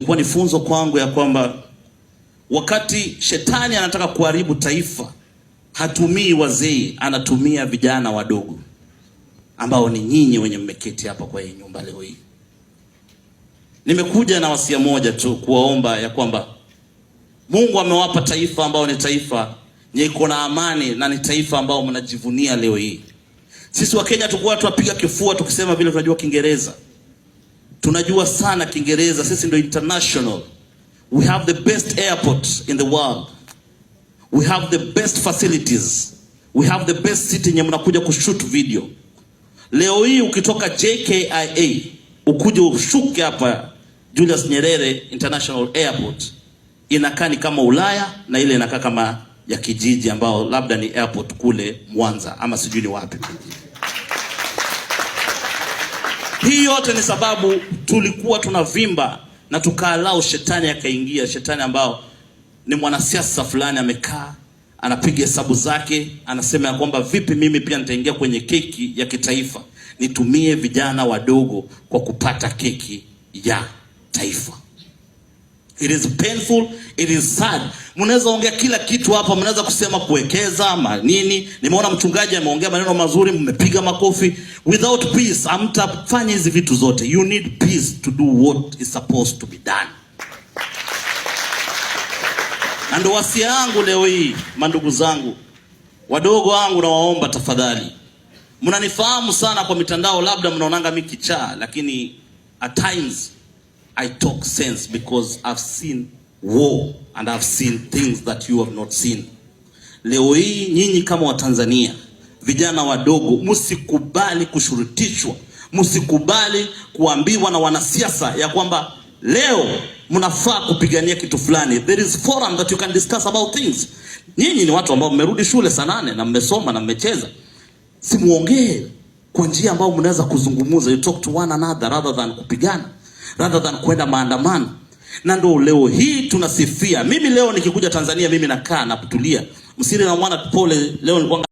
Ilikuwa ni funzo kwangu ya kwamba wakati shetani anataka kuharibu taifa, hatumii wazee, anatumia vijana wadogo ambao ni nyinyi wenye mmeketi hapa kwa hii nyumba leo hii. Nimekuja na wasia moja tu kuwaomba ya kwamba Mungu amewapa taifa ambao ni taifa niko na amani na ni taifa ambao mnajivunia leo hii. Sisi Wakenya tulikuwa tuwapiga kifua tukisema vile tunajua Kiingereza tunajua sana Kiingereza, sisi ndio international. We have the best airport in the world. We have the best facilities. We have the best city yenye mnakuja kushoot video. Leo hii ukitoka JKIA ukuje ushuke hapa Julius Nyerere International Airport inakaa ni kama Ulaya na ile inakaa kama ya kijiji ambao labda ni airport kule Mwanza ama sijui ni wapi. Hii yote ni sababu tulikuwa tunavimba na tukaalao shetani akaingia, shetani ambao ni mwanasiasa fulani amekaa anapiga hesabu zake, anasema ya kwamba vipi mimi pia nitaingia kwenye keki ya kitaifa, nitumie vijana wadogo kwa kupata keki ya taifa. It is painful, it is sad. Mnaweza ongea kila kitu hapa, mnaweza kusema kuwekeza manini. Nimeona mchungaji ameongea maneno mazuri, mmepiga makofi. Without peace hamtafanya hizi vitu zote. You need peace to do what is supposed to be done. Na ndo wasia yangu leo hii, mandugu zangu wadogo wangu, nawaomba tafadhali, mnanifahamu sana kwa mitandao, labda mnaonanga mi kichaa, lakini at times I talk sense because I've seen war and I've seen things that you have not seen. Leo hii nyinyi kama Watanzania vijana wadogo, msikubali kushurutishwa, msikubali kuambiwa na wanasiasa ya kwamba leo mnafaa kupigania kitu fulani. There is forum that you can discuss about things. Nyinyi ni watu ambao mmerudi shule saa nane na mmesoma na mmecheza, simuongee kwa njia ambayo mnaweza kuzungumza, you talk to one another rather than kupigana rather than kwenda maandamano. Na ndio leo hii tunasifia. Mimi leo nikikuja Tanzania, mimi nakaa na kutulia msiri na mwana pole. Leo nilikuwa